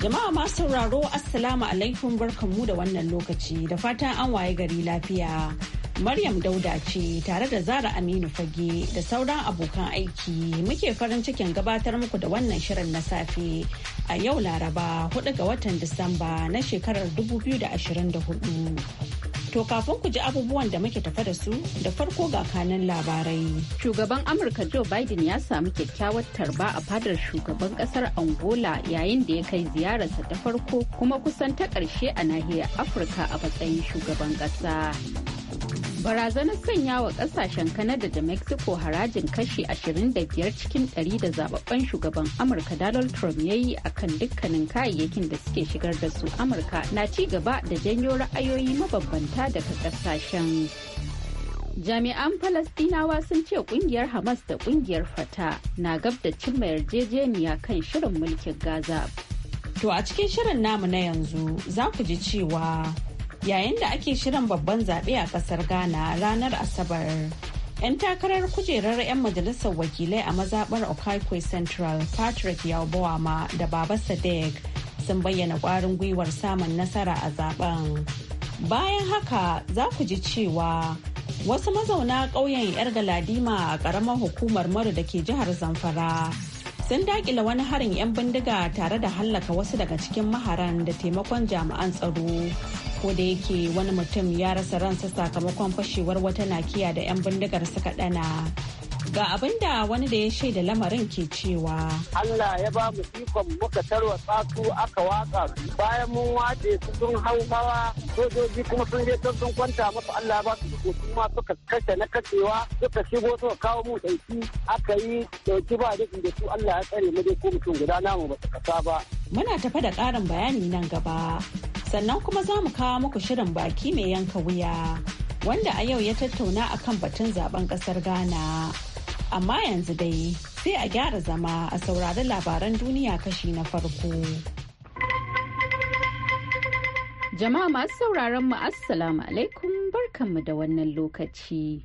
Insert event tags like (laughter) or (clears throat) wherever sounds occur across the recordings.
Jama'a masu sauraro Assalamu alaikum barkanmu da wannan lokaci da fatan an waye gari lafiya. Maryam Dauda ce tare da Zara Aminu Fage da sauran abokan aiki muke farin cikin gabatar muku da wannan shirin na safe a yau Laraba 4 ga watan Disamba na shekarar 2024. To kafin ku ji abubuwan da muke tafa da su da farko ga kanan labarai. Shugaban Amurka Joe Biden ya samu kyakkyawar tarba a fadar shugaban kasar Angola yayin da ya kai ziyararsa ta farko kuma kusan ta ƙarshe a nahiyar Afirka a matsayin shugaban ƙasa. barazanar sanya wa kasashen kanada da mexico harajin kashi 25 cikin 100 da zababben shugaban amurka donald trump ya yi a kan dukkanin kayayyakin da suke shigar da su amurka na ci gaba da janyo ra'ayoyi mabambanta daga kasashen jami'an falastinawa sun ce kungiyar hamas da kungiyar fata na gab da cimma yarjejeniya kan shirin mulkin gaza to a cikin shirin namu na yanzu za ku ji cewa yayin da ake shirin babban zaɓe a ƙasar ghana ranar asabar 'yan takarar kujerar 'yan majalisar wakilai a mazaɓar okaikwe central patrick yaubawama da baba sadek sun bayyana ƙwarin gwiwar samun nasara a zaben bayan haka za ku ji cewa wasu mazauna ƙauyen 'yar galadima a ƙaramar hukumar maru da ke jihar zamfara sun dakila wani harin 'yan bindiga tare da hallaka wasu daga cikin maharan da taimakon jami'an tsaro ko da yake wani mutum ya rasa ransa sakamakon fashewar wata nakiya da 'yan bindigar suka dana ga abin da wani da ya shaida lamarin ke cewa. Allah ya ba mu ikon muka tarwa tsatu aka watsa bayan mun wace su sun hau hawa sojoji kuma sun je sun sun kwanta musu Allah ba su ko ma suka kashe na kashewa suka shigo suka kawo mu ɗauki aka yi ɗauki ba da su Allah ya tsare mu dai ko mutum guda namu ba su kasa ba. Muna tafa da ƙarin bayani nan gaba. Sannan kuma za mu kawo muku shirin baki mai yanka wuya. Wanda a yau ya tattauna akan batun zaben ƙasar Ghana. amma yanzu dai sai a gyara zama a saurari labaran duniya kashi na farko. Jama'a masu sauraron mu Assalamu alaikum barkanmu da wannan lokaci.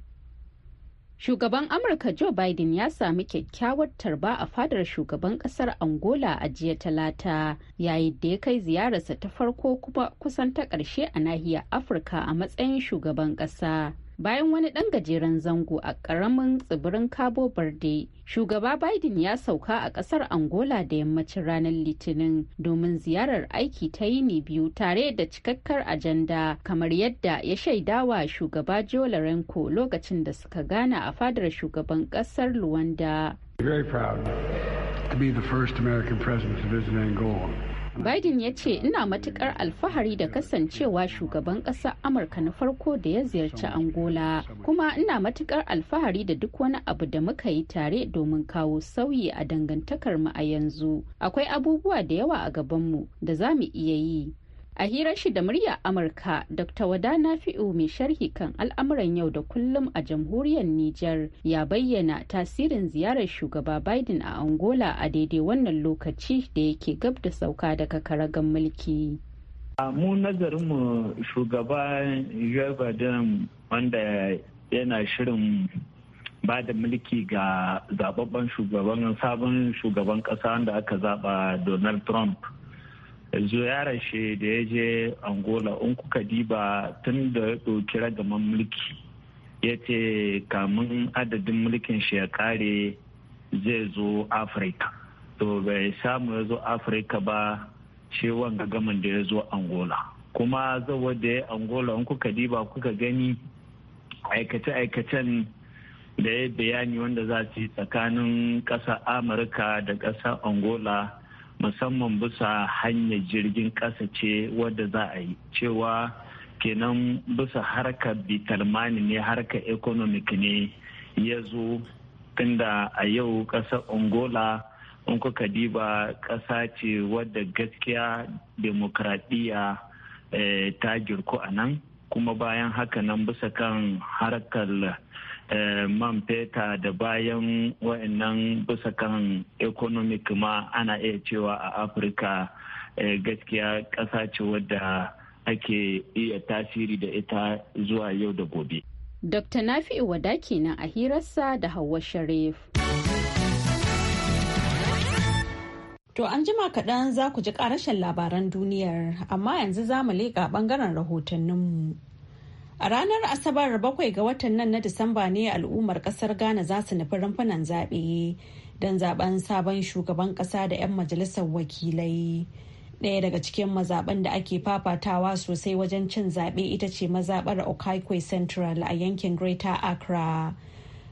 Shugaban Amurka Joe Biden ya sami kyakkyawar tarba a fadar shugaban kasar Angola a jiya talata yayin da ya kai ziyararsa ta farko kuma kusan ta ƙarshe a nahiyar Afirka a matsayin shugaban ƙasa. bayan wani ɗan gajeren zango a ƙaramin tsibirin cabo verde shugaba biden ya sauka a ƙasar angola da yammacin ranar litinin domin ziyarar aiki ta yini biyu tare da cikakkar ajanda kamar yadda ya shaidawa shugaba joe lorenco lokacin da suka gana a fadar shugaban ƙasar luwanda the first Biden ya ce ina matukar alfahari da kasancewa shugaban ƙasar Amurka na farko da ya ziyarci Angola kuma ina matukar alfahari da duk wani abu da muka yi tare domin kawo sauyi a dangantakar mu a yanzu. Akwai abubuwa da yawa a gabanmu da za mu iya yi A hirar shi da murya Amurka, Dr. Wada Nafi'u mai sharhi kan al'amuran yau da kullum a jamhuriyar Nijar ya bayyana tasirin ziyarar shugaba Biden a Angola a daidai wannan lokaci da yake gab da sauka daga karagan mulki. mu nazarinmu shugaba jabadin wanda yana shirin ba da mulki ga zababben shugaban sabon shugaban kasa wanda aka zaba Donald Trump. yaran shi da ya je angola in kuka diba tun da ɗauki ragaman mulki ya ce kamun adadin mulkin shi ya kare zai zo afirka to bai samu ya zo afirka ba shi wanga gaman da ya zo angola kuma zawo da ya angola in kuka diba kuka gani aikace-aikacen da ya bayani wanda za su yi tsakanin ƙasa amurka da ƙasar angola musamman bisa hanyar jirgin ƙasa ce wadda za a yi cewa kenan bisa harkar bitalmani ne harkar economic ne ya zo tunda a yau ƙasar angola in kuka diba ƙasa ce wadda gaskiya demokradiyya eh, ta girku a nan kuma bayan haka nan bisa kan harkar Eh, man feta da bayan wa'annan bisa kan economic ma ana iya cewa a afirka eh, gaskiya ƙasa ce wadda ake iya tasiri da ita zuwa yau da gobe dr nafi'u Iwada kenan a hirarsa da hauwa sharif To an jima kaɗan za ku ji ƙarashin labaran duniyar, amma yanzu za mu leƙa ɓangaren rahotanninmu. A ranar Asabar bakwai ga watan nan na Disamba ne al'ummar kasar Ghana za su nufi rumfunan zaɓe don zaɓen sabon shugaban ƙasa da 'yan majalisar wakilai. Ɗaya daga cikin mazaɓen da ake fafatawa sosai wajen cin zaɓe ita ce mazaɓar Okaikwe Central a yankin Greater Accra.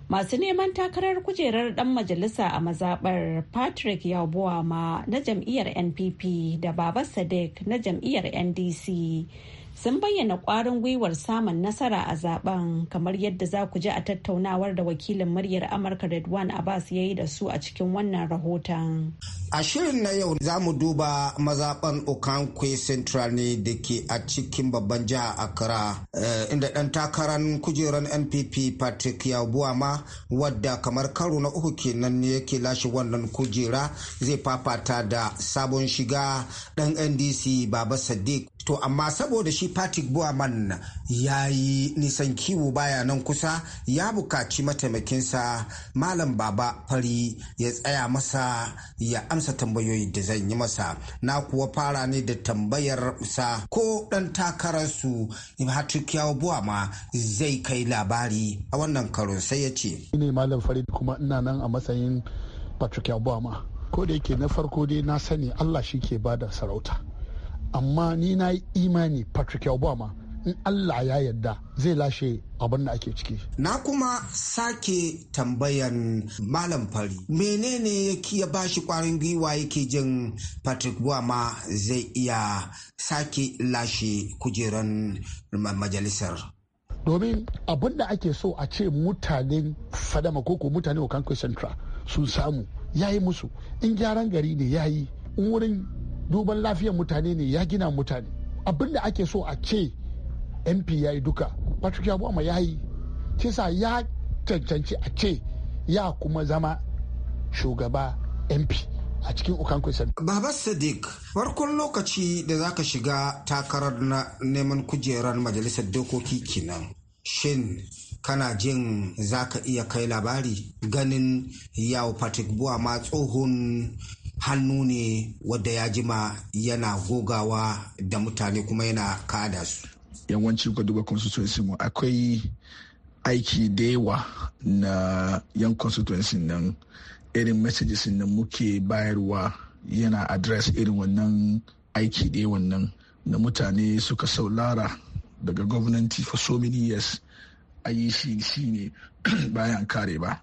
Masu neman takarar kujerar ɗan majalisa a mazaɓar Patrick Yabuwama na jam'iyyar NPP da Baba Sadiq na jam'iyyar NDC. sun bayyana kwarin gwiwar samun nasara a zaben kamar yadda za ku ji a tattaunawar da wakilin muryar amurka redwan abbas ya yi da su a cikin wannan rahoton a shirin na yau za mu duba mazaɓan okankwe central ne da ke a cikin babban jiha accra eh, inda ɗan takarar kujerar npp patrick yabuama wadda kamar karo na uku kenan ne yake lashe wannan kujera zai fafata da sabon shiga ɗan ndc baba sadiq to amma saboda shi patrick buaman ya yi nisan kiwo baya nan kusa ya bukaci mataimakinsa malam baba fari ya tsaya masa ya amsa tambayoyi da zan yi masa na kuwa fara ne da tambayar sa ko dan takararsu patrick yawo buama zai kai labari a wannan karo sai ya ce kuma ina nan a matsayin patrick yawo buama ko da yake na farko dai na sani allah shi ke bada sarauta amma ni na yi imani patrick obama in allah ya yarda zai lashe abin da ake ciki na kuma sake tambayan malam fari menene yake ya bashi kwarin gwiwa yake jin patrick obama zai iya sake lashe kujeran majalisar domin abin da ake so a ce mutanen fadama koko mutane okanko central sun samu ya yi musu in gyaran gari ne ya yi in wurin duban lafiyar mutane ne ya gina mutane abin da ake so a ce mp ya yi duka patrick ya buwa ya yi kisa ya cancanci a ce ya kuma zama shugaba mp a cikin ukankwisan. Baba Sadiq, farkon lokaci da za ka shiga takarar na neman kujerar majalisar dokoki kenan. Shin kana jin za ka iya kai labari ganin yawo Patrick Buwa ma tsohon hannu ne wadda ya jima yana gogawa da mutane kuma yana kada su yawanci ga duba constituency mu akwai aiki da yawa na yan constituency nan irin messages da muke bayarwa yana address irin wannan aiki da yawan nan na mutane suka saulara daga gwamnati for so many years a yi shi ne (clears throat) bayan kare ba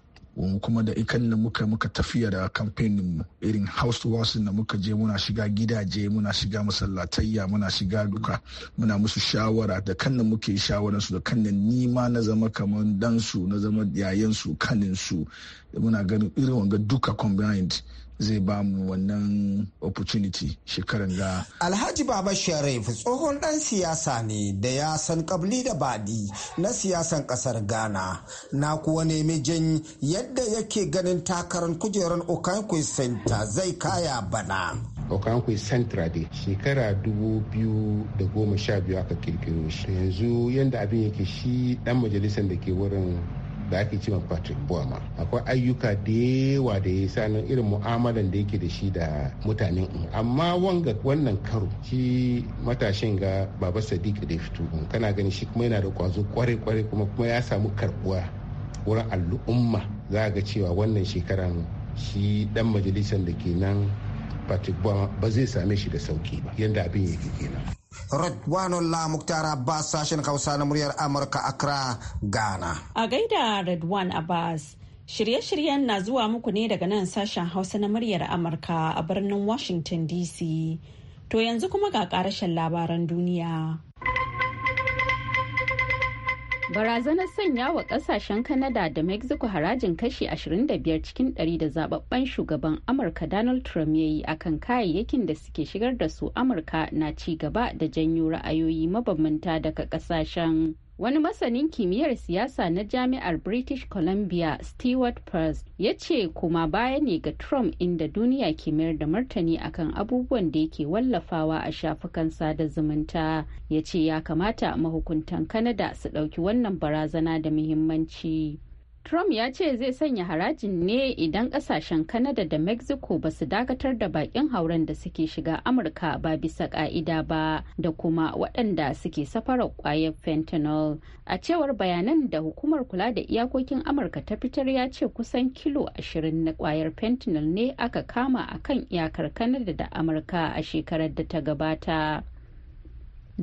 kuma da ikan da muka muka tafiya da kamfanin mu irin house wasin da muka je muna shiga gidaje muna shiga masallatayya muna shiga duka muna musu shawara da kan da muke shawaran su da kan da ni na zama kaman dan su na zama yayan su kanin su muna ganin irin wanga duka combined zai ba mu wannan opportunity shekaran da. Alhaji Baba Sharif tsohon dan siyasa ne da ya san kabli da badi na siyasan kasar Ghana. Na kuwa nemi jin yadda yake ganin takarar kujerar Okankwe Center zai kaya bana. Okankwe center dai shekara 2012 aka kirkiro shi yanzu yadda abin yake shi dan majalisar da ke wurin da ake cewa Patrick buama akwai ayyuka da yawa da ya sani irin mu'amalan da yake da shi da mutanen amma wanga wannan karo shi matashin ga Baba Sadiq da ya fito kana gani shi kuma yana da kwazo kware kware kuma kuma ya samu karbuwa wurin al'umma za ga cewa wannan shekaran shi dan majalisar da ke nan patrick ba zai same shi da sauki ba yadda abin yake kenan la Muktara Abbas sashen Hausa na muryar Amurka Accra, Ghana. A gaida Radwan Abbas, shirye-shiryen na zuwa muku ne daga nan sashen Hausa na muryar Amurka a birnin Washington DC. To yanzu kuma ga karashen labaran duniya. barazanar sanya wa kasashen canada da mexico harajin kashi 25 cikin 100 da zababben shugaban amurka donald trump ya yi akan kayayyakin da suke shigar da su amurka na ci gaba da janyo ra'ayoyi mabambanta daga kasashen wani masanin kimiyyar siyasa na jami'ar british columbia stewart peirce ya ce kuma baya ne ga trump inda duniya ke mayar da martani akan abubuwan da yake wallafawa a shafukan sada zumunta ya ce ya kamata mahukuntan canada su ɗauki wannan barazana da muhimmanci Trump ya ce zai sanya harajin ne idan kasashen Kanada da Mexico ba su dakatar da bakin hauren da suke shiga Amurka ba bisa ka'ida ba da kuma waɗanda suke safarar kwayar fentanyl. A cewar bayanan da hukumar kula da iyakokin Amurka ta fitar ya ce kusan kilo ashirin na kwayar fentanyl ne aka kama a kan iyakar Kanada da Amurka a shekarar da ta gabata.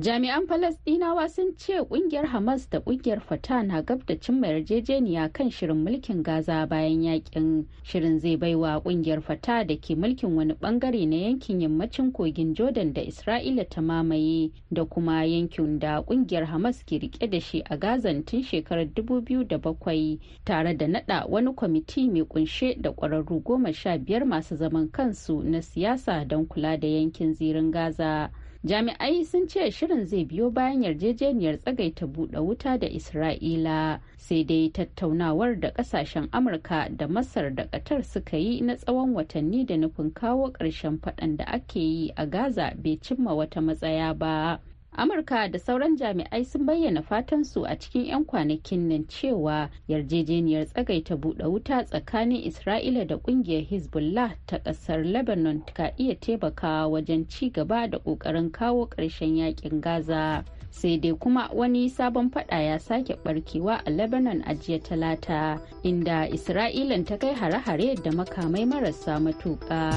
jami'an falasdinawa sun ce kungiyar hamas da kungiyar fata na gab da cimma yarjejeniya kan shirin mulkin gaza bayan yakin shirin zai baiwa kungiyar fatah da ke mulkin wani bangare na yankin yammacin kogin jordan da isra'ila ta mamaye da kuma yankin da kungiyar hamas ke rike da shi a gazan tun shekarar 2007 tare da nada wani kwamiti mai kunshe da kwararru goma sha biyar masu zaman kansu na siyasa don kula da yankin zirin gaza jami'ai sun ce shirin zai biyo bayan yarjejeniyar tsagaita buɗe wuta da isra'ila sai dai tattaunawar da ƙasashen amurka da masar da ƙatar suka yi na tsawon watanni da nufin kawo ƙarshen faɗan da ake yi a gaza bai cimma wata matsaya ba amurka da sauran jami'ai sun bayyana fatan su a cikin 'yan kwanakin nan cewa yarjejeniyar tsagaita buɗe wuta tsakanin isra'ila da ƙungiyar hezbollah ta ƙasar lebanon ka iya taimakawa wajen ci gaba da ƙoƙarin kawo ƙarshen yakin gaza sai dai kuma wani sabon fada ya sake barkewa a lebanon a jiya talata inda isra'ilan ta kai hare-hare da makamai marasa matuƙa.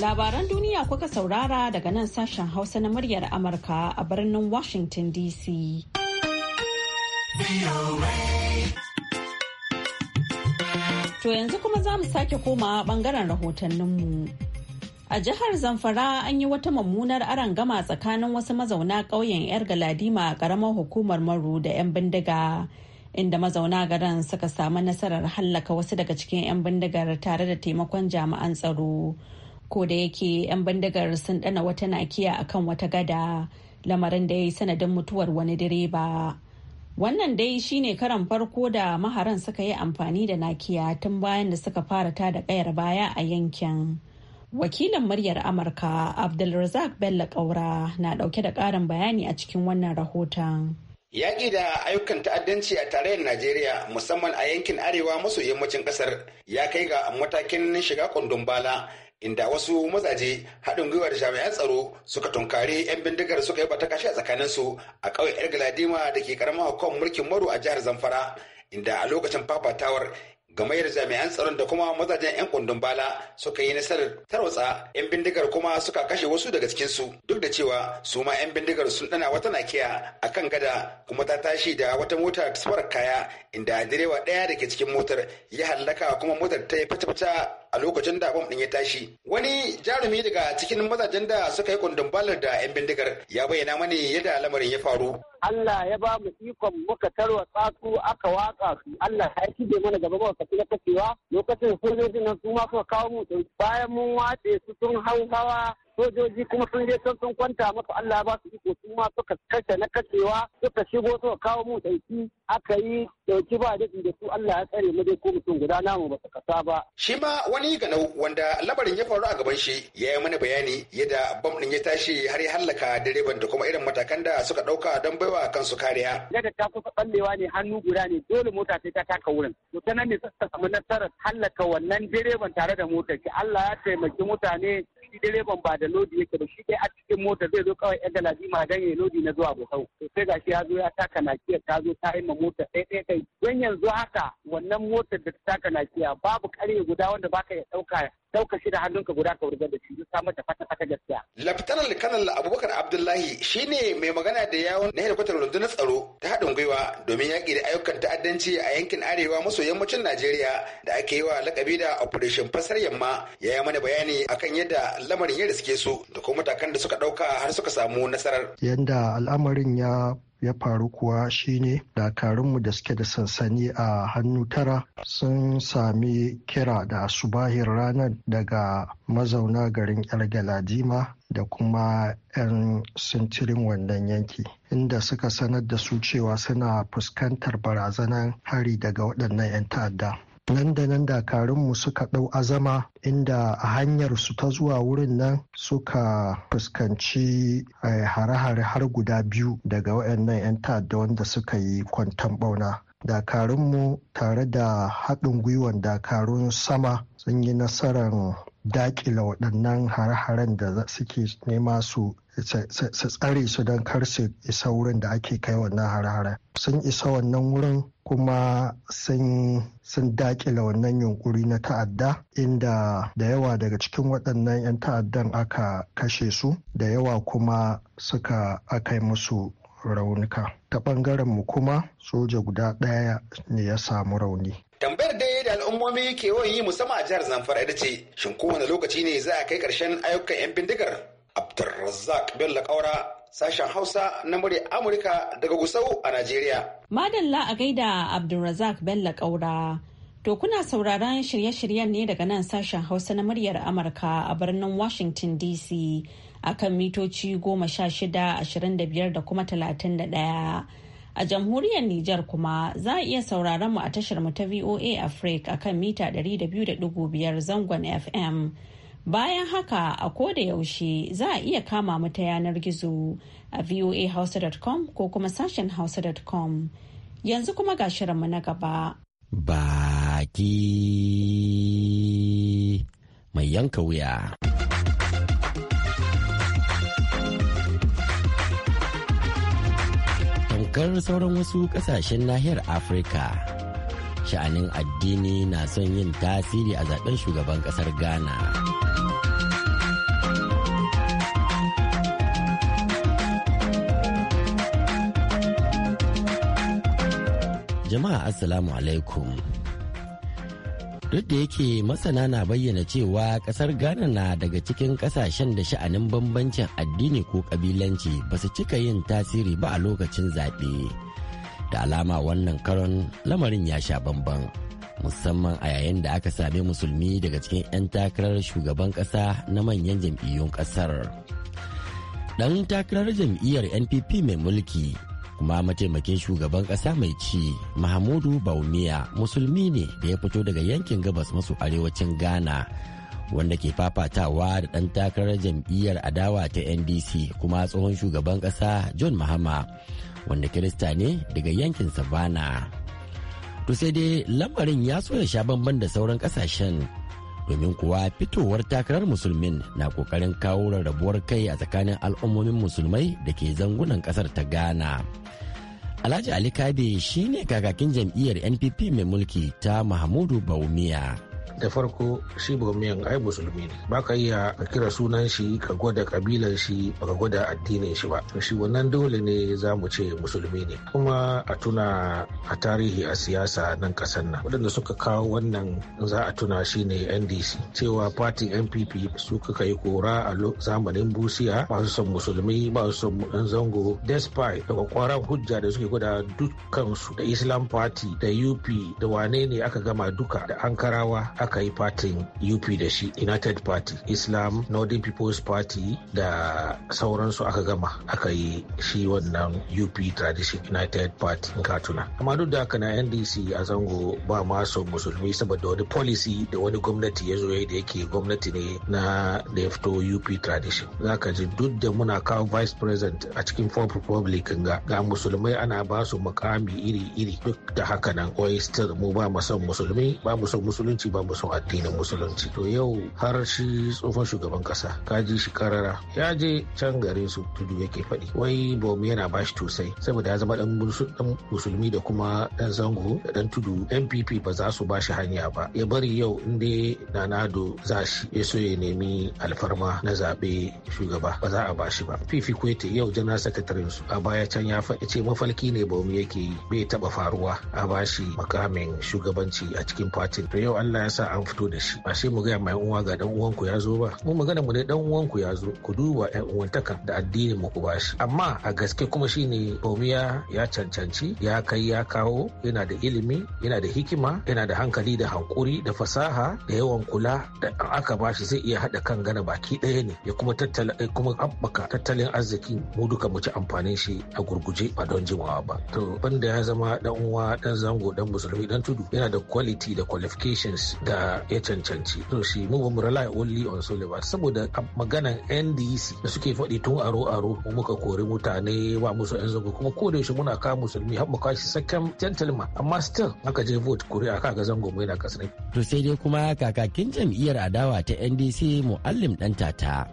Labaran duniya kuka saurara daga nan sashen Hausa na muryar Amurka a birnin Washington DC. To yanzu kuma za mu sake koma bangaren rahotanninmu. A jihar Zamfara an yi wata mummunar gama tsakanin wasu mazauna ƙauyen 'yar galadima a ƙaramar hukumar maru da 'yan bindiga. Inda mazauna garin suka samu nasarar hallaka wasu daga cikin 'yan bindigar tare da taimakon jami'an tsaro. ko da yake 'yan bandagar sun dana wata nakiya akan wata gada lamarin da ya yi sanadin mutuwar wani direba wannan dai shine karan farko da maharan suka yi amfani da nakiya tun bayan da suka fara ta da kayar baya a yankin wakilin muryar amurka abdulrazak bello kaura na dauke da karin bayani a cikin wannan rahoton Yaƙi da ayyukan ta'addanci a tarayyar Najeriya musamman a yankin arewa maso yammacin ƙasar ya kai ga matakin shiga kundun bala inda wasu mazaje haɗin gwiwa da jami'an tsaro suka tunkari 'yan bindigar suka yi bata kashi a tsakaninsu a ƙauye yar galadima da ke ƙaramar hukumar mulkin maro a jihar zamfara inda a lokacin fafatawar game da jami'an tsaron da kuma mazajen 'yan kundin bala suka yi nasarar tarwatsa 'yan bindigar kuma suka kashe wasu daga cikinsu duk da cewa su ma 'yan bindigar sun dana wata nakiya a kan gada kuma ta tashi da wata mota tasfar kaya inda direba ɗaya da ke cikin motar ya hallaka kuma motar ta yi fata-fata a lokacin da bom din ya tashi wani jarumi daga cikin mazajen da suka yi kundin balar da 'yan bindigar ya bayyana mani yadda lamarin ya faru Allah ya ba mu ikon muka tarwatsa su aka waka su Allah ya kide mana gaba ba lokaci na kashewa lokacin sojojin nan su ma kawo mu bayan mun watse su sun hau hawa sojoji kuma sun je can sun kwanta masu Allah ba su iko su ma suka kashe na kashewa suka shigo suka kawo mu sauki aka yi dauki ba da da su Allah ya tsare mu dai ko mutum guda namu ba su kasa ba. Shi ma wani ganau wanda labarin ya faru a gaban shi ya yi mana bayani yadda bam ɗin ya tashi har ya hallaka direban da kuma irin matakan da suka ɗauka don baiwa kansu kariya. Daga ta kusa ɓallewa ne hannu guda ne dole mota sai ta taka wurin. To ta nan ne suka samu nasarar hallaka wannan direban tare da motar ki Allah ya taimaki mutane shi direban ba da lodi yake ba shi dai a cikin mota zai zo kawai yan galabi ma dan yayi lodi na zuwa bukau to sai gashi ya zo ya taka nakiya ta zo ta yi ma mota ɗaya ɗaya kai don yanzu haka wannan motar da ta taka nakiya babu karya guda wanda baka ya ɗauka dauka shi da hannunka guda ka wurgar da shi duk samar da fata fata gaskiya. Lafitanar Kanal Abubakar Abdullahi shi ne mai magana da yawon na hedikwatar rundunar tsaro ta haɗin gwiwa domin yaƙi da ayyukan ta'addanci a yankin arewa maso yammacin Najeriya da ake yi wa lakabi da Operation Fasar Yamma ya yi mana bayani akan yadda lamarin ya riske su da kuma matakan da suka ɗauka har suka samu nasarar. Yanda al'amarin ya ya faru kuwa shine dakarunmu da suke da sansani a hannu tara sun sami kira da subahir ranar daga mazauna garin yar galadima da kuma 'yan sintirin wannan yanki inda suka sanar da su cewa suna fuskantar barazanar hari daga waɗannan 'yan ta'adda nan da nan dakarunmu suka ɗau azama inda a hanyar su ta zuwa wurin nan suka fuskanci eh, hare-hare har guda biyu daga waɗannan 'yan ta'adda wanda suka yi kwantan bauna dakarunmu tare da haɗin gwiwan dakarun sama sun yi nasarar dakila waɗannan hare-haren da suke nema su su tsare su don kar su isa wurin da ake kai wannan har-hara sun isa wannan wurin kuma sun dakila wannan yunkuri na ta'adda inda da yawa daga cikin waɗannan 'yan ta'addan aka kashe su da yawa kuma suka aka yi musu raunuka ta ɓangaren mu kuma soja guda ɗaya ne ya samu rauni tambayar dai da al'ummomi ke yi musamman a jihar zamfara ita ce shin kowane lokaci ne za a kai ƙarshen ayyukan 'yan bindigar Abdulrazak Bello Kaura sashen Hausa na murya Amurka daga Gusau a Najeriya. Madalla a gaida Abdulrazak Bello Kaura. To kuna sauraron shirye-shiryen ne daga nan sashen Hausa na muryar Amurka a birnin Washington DC a kan mitoci goma sha shida ashirin da biyar da kuma talatin da ɗaya. A jamhuriyar Nijar kuma za a iya sauraron mu a tashar mu ta VOA Africa kan mita ɗari da biyu da dubu biyar zangon FM. Bayan haka a koda yaushe za a iya kama mu ta yanar gizo a voahausa.com ko kuma sashen hausa.com. Yanzu kuma ga shirinmu na gaba. Baki mai yanka wuya. Tankar sauran wasu kasashen nahiyar Afirka. sha'anin addini na son yin tasiri a zaben shugaban kasar ghana jama'a assalamu alaikum duk da yake masana na bayyana cewa kasar ghana na daga cikin kasashen da sha'anin bambancin addini ko kabilanci ba su cika yin tasiri ba a lokacin zaɓe. da alama wannan karon lamarin ya sha bamban musamman a yayin da aka same musulmi daga cikin 'yan takarar shugaban ƙasa na manyan jam'iyyun ƙasar ɗan takarar jam'iyyar npp mai mulki kuma mataimakin shugaban ƙasa mai ci mahamudu baumiya musulmi ne da ya fito daga yankin gabas masu arewacin ghana wanda ke fafatawa da ɗan takarar jam'iyyar adawa ta ndc kuma tsohon shugaban ƙasa john mahama wanda kirista ne daga yankin savannah to sai dai lamarin ya so ya sha bamban da sauran kasashen domin kuwa fitowar takarar musulmin na kokarin kawo rarrabuwar kai a tsakanin al'ummomin musulmai da ke zangunan kasar ta ghana alhaji ali kabe shine kakakin jam'iyyar npp mai mulki ta mahmudu baumiya da farko shi Bormiyan ai musulmi ne ba ka iya ka kira sunan shi ka gwada kabilan shi ba ka gwada addinin shi ba shi wannan dole ne za mu ce musulmi ne kuma a tuna a tarihi a siyasa nan kasar nan waɗanda suka kawo wannan za a tuna shi ne ndc cewa pati npp su kuka yi kora a zamanin busiya masu son musulmi masu son yan zango despite daga kwaran hujja da suke gwada dukkansu da islam party da up da wane ne aka gama duka da ankarawa aka yi fatin UP da shi United Party, Islam, Northern People's Party da sauransu aka gama aka yi shi wannan UP Tradition United Party in Katuna. Amma duk da haka na NDC a zango ba masu musulmi saboda wani policy da wani gwamnati ya zo da yake gwamnati ne na da ya fito UP Tradition. Za ka ji duk da muna kawo vice president a cikin fourth republic ga ga musulmai ana ba su mukami iri-iri duk da haka nan wai mu ba mu son musulmi ba mu son ba mu son addinin musulunci to yau har shi tsohon shugaban kasa kaji ji shi karara ya je can gare su tudu yake faɗi wai bom yana bashi tosai saboda ya zama dan musulmi da kuma dan zango da dan tudu npp ba za su ba shi hanya ba ya bari yau in inda nanado za shi ya so ya nemi alfarma na zaɓe shugaba ba za a ba shi ba fifi kwete yau jana sakatarin su a baya can ya faɗi ce mafalki ne bomi yake bai taɓa faruwa a ba shi makamin shugabanci a cikin fatin to yau allah ya sa an fito da shi ba sai mu gaya ma yan uwa ga dan uwanku ya zo ba mu magana mu ne dan uwanku ya zo ku duba yan uwantaka da addini mu ku bashi amma a gaske kuma shine Omiya ya cancanci ya kai ya kawo yana da ilimi yana da hikima yana da hankali da hankuri da fasaha da yawan kula da aka bashi zai iya haɗa kan gana baki ɗaya ne ya kuma tattala kuma abbaka tattalin arzikin mu duka mu ci amfanin shi a gurguje ba don jimawa ba to banda ya zama dan uwa dan zango dan musulmi dan tudu yana da quality da qualifications da ya cancanci to shi mu mu rely only on Sullivan saboda maganan NDC da suke faɗi tun aro aro mu muka kori mutane ba musu yan zango kuma ko da yaushe muna kawo musulmi har mu kashi sakan gentleman amma still aka je vote kuri'a ga zango mu yana kasar to sai dai kuma kakakin jam'iyyar adawa ta NDC muallim dan tata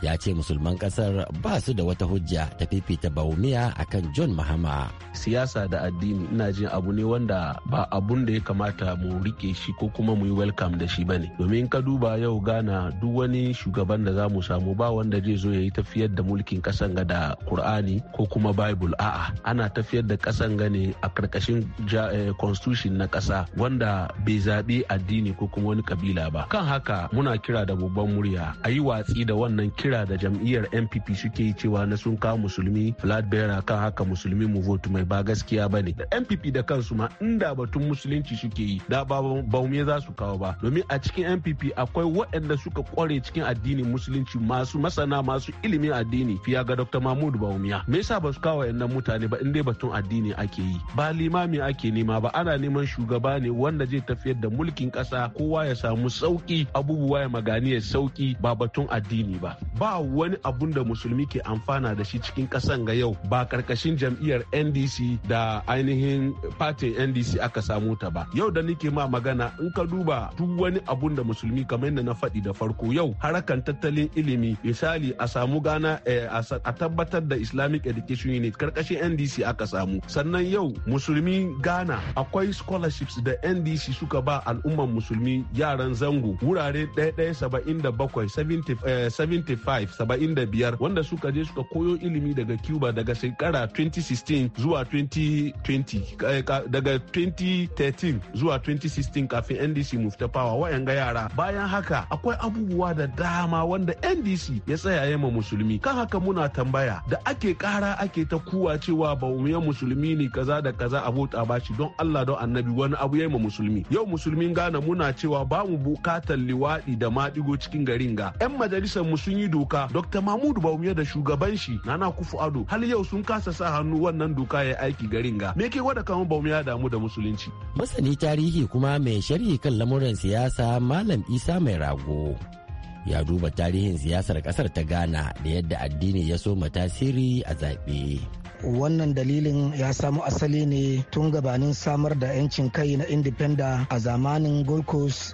ya ce musulman kasar ba su da wata hujja ta fifita baumiya kan john mahama siyasa da addini ina jin abu ne wanda ba abun da ya kamata mu rike shi ko kuma mu yi welcome da shi bane domin ka duba yau gana duk wani shugaban da za mu samu ba wanda zai zo ya yi tafiyar da mulkin kasan ga da qur'ani ko kuma bible a'a ana tafiyar da kasan ga ne a karkashin eh, constitution na kasa wanda bai zaɓi addini ko kuma wani kabila ba kan haka muna kira da babban murya a yi watsi da wannan kira kira da jam'iyyar npp suke yi cewa na sun kawo musulmi flat bearer kan haka musulmi mu vote mai ba gaskiya ba ne da npp da kansu ma inda batun musulunci suke yi da ba baume za su kawo ba domin a cikin npp akwai waɗanda suka kware cikin addinin musulunci masu masana masu ilimin addini fiya ga dr mahmud baumiya me yasa ba su kawo yannan mutane ba inda dai batun addini ake yi ba limami ake nema ba ana neman shugaba ne wanda zai tafiyar da mulkin kasa kowa ya samu sauki abubuwa ya magani ya sauki ba batun addini ba ba wani abun da musulmi ke amfana da shi cikin kasan ga yau ba karkashin jam'iyyar ndc da ainihin fatin ndc aka samu ta ba yau da nike ma magana in ka duba duk wani abun da musulmi kamar yadda na faɗi da farko yau harakan tattalin ilimi misali a samu gana eh, a tabbatar da islamic education unit karkashin ndc aka samu sannan yau musulmi gana akwai scholarships da ndc suka ba al'umman musulmi yaran zango wurare ɗaya 75 wanda suka je suka koyo ilimi daga Cuba daga shekara 2016 zuwa 2020 eh, daga 2013 zuwa 2016 kafin NDC mu fita fawa ga yara bayan haka akwai abubuwa da dama wanda NDC ya tsaya yamma musulmi kan haka muna tambaya da ake kara ake ta kuwa cewa ba mu musulmi ne kaza da kaza a bota bashi don Allah don annabi wani abu yamma musulmi yau musulmin gana muna cewa ba mu bukatar liwaɗi da maɗigo cikin garin ga 'yan majalisar mu sun yi doka dr mahmudu bawumia da shugaban shi nana kufu ado har yau sun kasa sa hannu wannan doka ya aiki garin ga me ke gwada kama bawumia damu da musulunci masani tarihi kuma mai sharhi kan lamuran siyasa malam isa mai rago ya duba tarihin siyasar kasar ta ghana da yadda addini ya soma tasiri a zaɓe. wannan dalilin ya samo asali ne tun gabanin samar da 'yancin kai na Indipenda a zamanin gold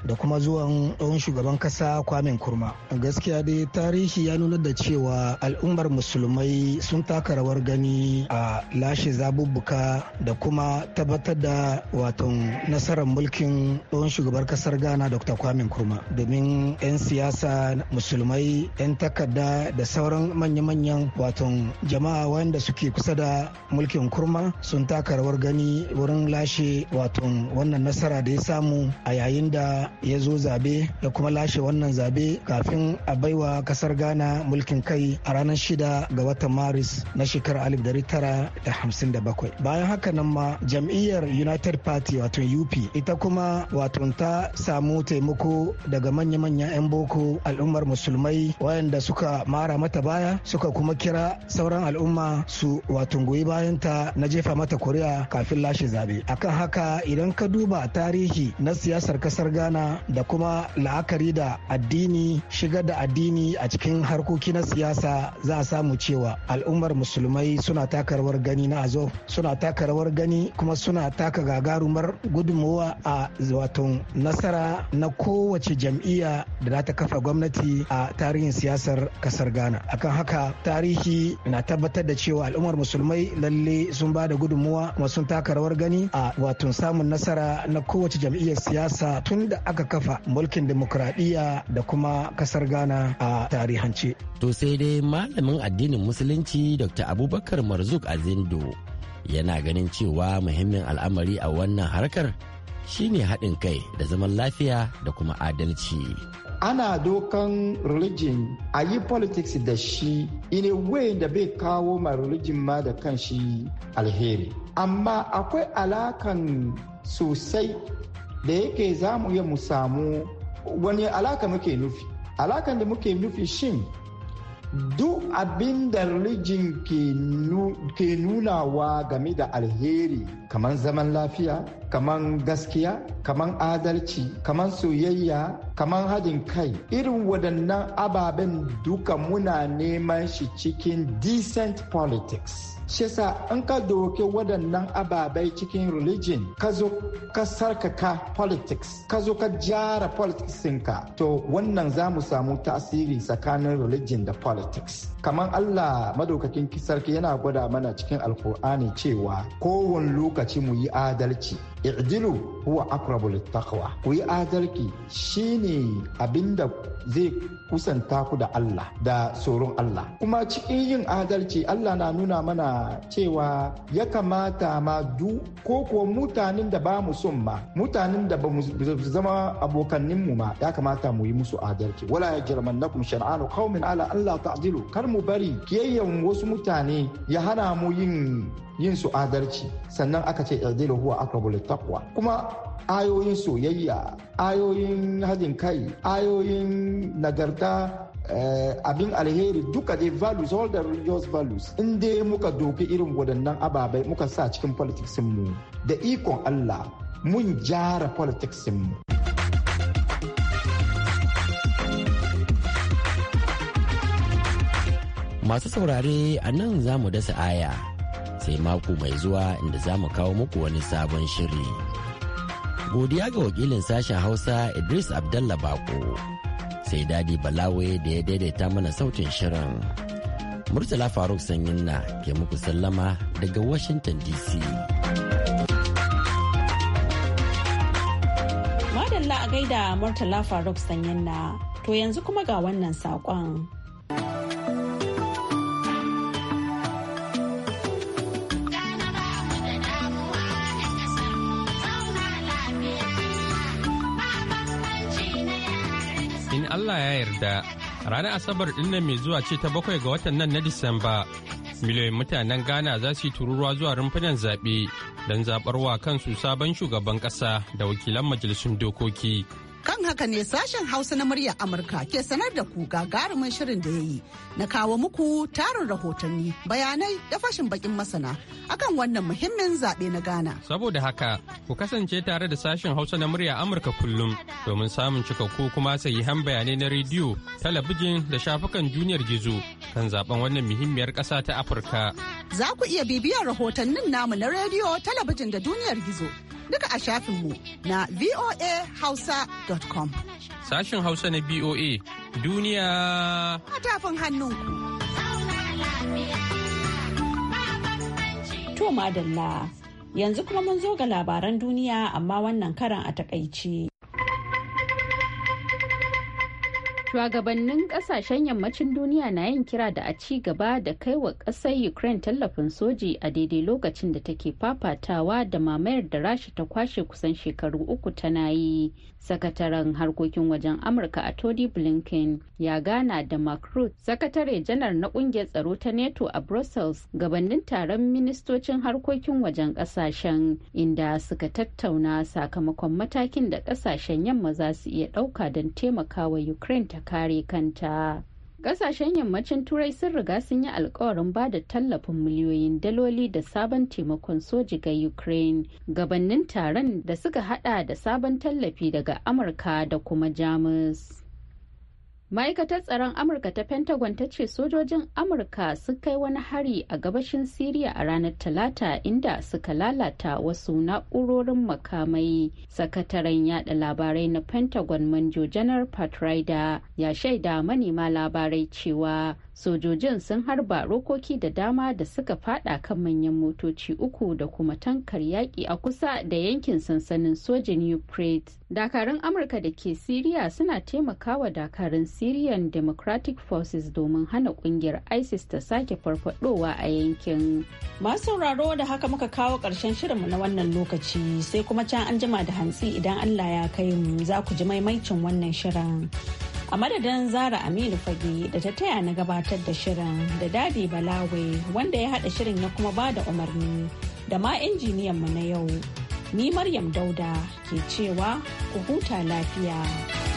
da kuma zuwan tsohon shugaban kasa kwamen kurma gaskiya dai tarihi ya nuna da cewa al'ummar musulmai sun taka rawar gani a lashe zabubbuka da kuma tabbatar da watan nasarar mulkin tsohon shugabar kasar ghana dr kwamen kurma domin 'yan siyasa musulmai 'yan takarda da sauran manya-manyan watan jama'a wanda suke kusa da mulkin kurma sun taka rawar gani wurin lashe wato wannan nasara da ya samu a yayin da ya zo zabe da kuma lashe wannan zabe kafin a baiwa kasar ghana mulkin kai a ranar shida ga watan maris na shekarar 1957 bayan haka nan ma jam'iyyar united party wato up ita kuma wato ta samu taimako daga manya-manyan 'yan boko al'ummar musulmai wayanda suka mara mata baya suka kuma kira sauran al'umma su wato watan goyi bayan ta na jefa mata kuri'a kafin lashe zabe akan haka idan ka duba tarihi na siyasar kasar ghana da kuma la'akari da addini shigar da addini a cikin harkoki na siyasa za a samu cewa al'ummar musulmai suna taka rawar gani na azo suna taka rawar gani kuma suna taka gagarumar gudunmawa a wato nasara na kowace jam'iyya da za ta kafa gwamnati a tarihin siyasar kasar ghana akan haka tarihi na tabbatar da cewa al'ummar musulmai musulmai lalle sun ba da gudunmuwa kuma sun taka rawar gani a wato samun nasara na kowace jam'iyyar siyasa tun da aka kafa mulkin demokradiyya da kuma kasar ghana a tarihance to sai dai malamin addinin musulunci dr abubakar marzuk azindo yana ganin cewa muhimmin al'amari a wannan harkar shine haɗin kai da zaman lafiya da kuma adalci ana dokan religion a yi politics da shi in a way da bai kawo ma religion ma da kan shi alheri amma akwai alakan sosai da yake za mu iya mu samu wani alaka muke nufi alakan da muke nufi shin duk abin da rijin ke nunawa game da alheri kamar zaman lafiya kamar gaskiya kamar adalci kamar soyayya kamar haɗin kai irin waɗannan ababen duka muna neman shi cikin decent politics shesa in ka doke waɗannan ababai cikin religion ka zo ka sarkaka politics ka zo ka jara politics ka to wannan za mu samu tasiri tsakanin religion da politics kamar allah madaukakin sarki yana gwada mana cikin alkur'ani cewa kowane lokaci mu yi adalci i'dilu huwa aqrabu littaqwa ku yi adalci shine abinda zai kusanta ku da Allah da tsoron Allah kuma cikin yin adalci Allah na nuna mana cewa ya kamata ma du ko kuwa mutanen da ba mu son ma mutanen da ba mu zama abokannin mu ma ya kamata mu yi musu adalci wala ya nakum shar'anu qaumin ala Allah ta'dilu kar mu bari kiyayyan wasu mutane ya hana mu yin yin su adalci sannan aka ce irdilu huwa aqrabu takwa. kuma ayoyin soyayya ayoyin hajin kai ayoyin nagarta eh, abin alheri duka dai values all the religious values in dai muka doki irin waɗannan ababai muka sa cikin politics mu da ikon Allah mun jara politics mu masu saurare a nan za mu dasa aya sai mako mai zuwa inda za mu kawo muku wani sabon shiri. Godiya ga wakilin sashen Hausa Idris Abdallah Bako, sai Dadi Balawe da ya daidaita mana sautin shirin. Murtala Faruk sanyinna ke muku sallama daga Washington DC. Madalla a gaida Murtala Faruk sanyinna to yanzu kuma ga wannan saƙon. Allah ya yarda ranar Asabar din nan mai zuwa ce ta bakwai ga watan nan na Disamba. Miliyoyin mutanen Ghana za su yi tururuwa zuwa rumfunan zaɓe don zaɓar wa kansu sabon shugaban ƙasa da wakilan majalisun dokoki Kan haka ne sashen Hausa na murya Amurka ke sanar da ku gagarumin shirin da ya yi na kawo muku tarin rahotanni, bayanai da fashin bakin masana akan wannan muhimmin zaɓe na Ghana. Saboda haka, ku kasance tare da sashen Hausa na murya Amurka kullum domin samun cikakku kuma sayi han bayanai na rediyo, talabijin da shafukan duniyar gizo kan zaben wannan muhimmiyar ƙasa ta Afirka. Za ku iya bibiyar rahotannin namu na rediyo, talabijin da duniyar gizo duka a shafinmu na voa hausa. hausa.com. Sashen Hausa na BOA duniya matafin hannunku. To madalla yanzu kuma mun zo ga labaran duniya amma wannan karan a takaice. shugabannin kasashen yammacin duniya na yin kira da a ci gaba da kai wa ƙasar ukraine tallafin soji a daidai lokacin da take fafatawa da mamayar da rasha ta kwashe kusan shekaru uku tana yi sakataren harkokin wajen amurka a tony blinken ya gana da mark sakatare janar na kungiyar tsaro ta neto a brussels gabanin taron ministocin harkokin wajen kasashen inda suka tattauna sakamakon matakin da kasashen yamma za su iya ɗauka don taimakawa ukraine ta kare kanta kasashen yammacin turai sun riga sun yi alkawarin ba da tallafin miliyoyin daloli da sabon taimakon soji ga ukraine gabannin taron da suka hada da sabon tallafi daga amurka da kuma jamus ma'aikatar tsaron amurka ta pentagon ta ce sojojin amurka sun kai wani hari a gabashin siriya a ranar talata inda suka lalata wasu na'urorin makamai sakataren yada labarai na pentagon manjo janar patrida ya shaida manema labarai cewa sojojin sun harba rokoki da dama da suka fada kan manyan motoci uku da kuma tankar yaƙi a kusa da yankin sansanin sojin ukraine dakarun amurka da ke siriya suna taimakawa dakarun syrian democratic forces domin hana kungiyar isis ta sake farfadowa a yankin masu sauraro da haka muka kawo ƙarshen shirinmu na wannan lokaci sai kuma can an jima da hantsi idan allah ya kai mu za ku ji maimaicin wannan shirin a madadin zara aminu fage da ta taya na gabatar da shirin da dadi balawe wanda ya haɗa shirin ya kuma bada umarni da ma injiniyan mu na yau ni maryam dauda ke cewa ku huta lafiya.